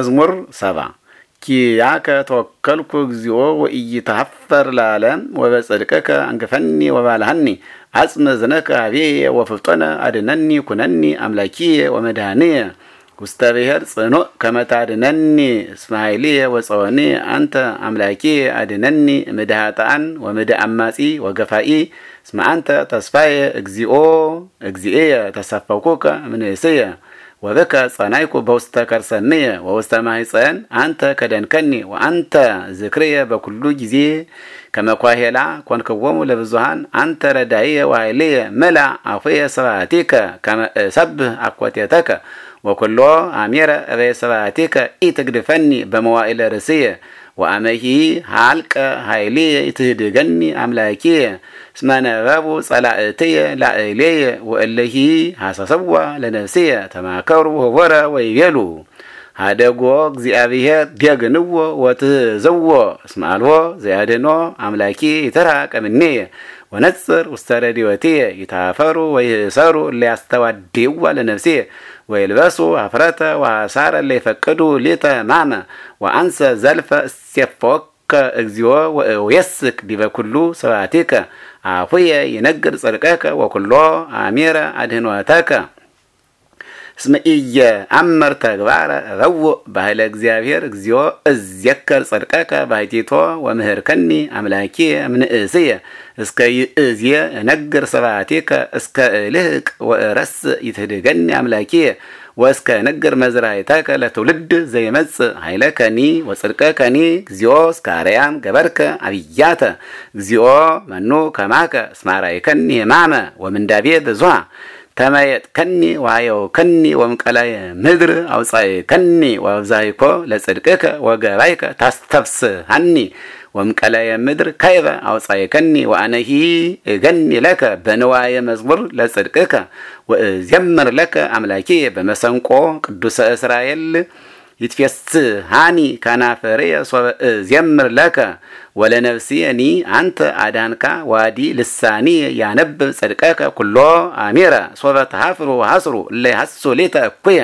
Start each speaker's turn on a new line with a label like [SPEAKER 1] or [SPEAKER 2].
[SPEAKER 1] መዝሙር ሰባ ኪያከ ተወከልኩ እግዚኦ ወኢይትሃፈር ለዓለም ወበጽድቅከ አንግፈኒ ወባልሃኒ አጽመ ዝነከ አብየ ወፍልጦነ አድነኒ ኩነኒ አምላኪየ ወመድኃኒየ ውስተ ብሔር ጽኑዕ ከመ እስማኤልየ እስመ ወጸወኒ አንተ አምላኪየ አድነኒ እምድሃጣን ወምድ አማጺ ወገፋኢ እስመ አንተ ተስፋየ እግዚኦ እግዚእየ ተሰፈኩከ እምንእስየ ወበከ ጸናይኩ በውስተ ከርሰንየ ወውስተ ማሕፀን አንተ ከደንከኒ ወአንተ ዝክርየ በኩሉ ጊዜ ከመኳሄላ ኮንክዎሙ ለብዙሃን አንተ ረዳይየ ዋይልየ መላ አፉየ ስብሐቲከ ከመ እሰብህ ወኩሎ አሜረ እበየ ስብሐቲከ ኢትግድፈኒ በመዋእለ ርእስየ وأمهي حالك هايلي تهدغني أملاكي اسمه نغابو صلاعتي لا إليه وإلهي حساسوا لنفسي تماكرو هورا ويبيلو አደጎ እግዚአብሔር ዲያግንዎ ወትሕዝዎ እስመ አልቦ ዘያድኅኖ አምላኪ ይትርሐቅ እምኔየ ወነጽር ውስተ ረድኤትየ ይታፈሩ ወይሰሩ እለ ያስተዋድይዋ ለነፍስየ ወይልበሱ አፍረተ ወሐሳረ እለ ይፈቅዱ ሊተ ማመ ወአንሰ ዘልፈ እስየፈወከ እግዚኦ ወእውየስክ ዲበ ኩሉ ስብሐቲከ አፉየ ይነግር ጽድቀከ ወኩሎ አሚረ አድህኖተከ እስመ ኢየአምር ተግባረ ረውእ ባህለ እግዚአብሔር እግዚኦ እዜከር ጽድቀከ ወምህር ከኒ አምላኪ እምንእስየ እስከ ይእዝየ እነግር ሰባቴከ እስከ እልህቅ ወእረስ ይትህድገኒ አምላኪ ወእስከ ነግር መዝራእተከ ለትውልድ ዘይመጽእ ኃይለከኒ ወጽድቀከኒ እግዚኦ እስከ አርያም ገበርከ አብያተ እግዚኦ መኑ ከማከ እስማራይከኒ ህማመ ወምንዳቤ ብዙሃ ተመየጥ ከኒ ዋየው ከኒ ወምቀላይ ምድር አውፃይ ከኒ ወብዛይኮ ለጽድቅከ ወገባይከ ታስተፍስ ሃኒ ወምቀላየ ምድር ካይበ አውፃይ ከኒ ወአነሂ እገኒ ለከ በንዋየ መዝሙር ለጽድቅከ ወእዘምር ለከ አምላኪ በመሰንቆ ቅዱሰ እስራኤል ይትፌስጽሐኒ ከናፈርየ ሶበ እዜምር ለከ ወለነፍስየኒ አንተ አዳንካ ዋዲ ልሳኒ ያነብብ ጽድቀከ ኩሎ አሜረ ሶበ ተሃፍሩ ወሃስሩ እለ ይሃስሱ ሊተ እኩየ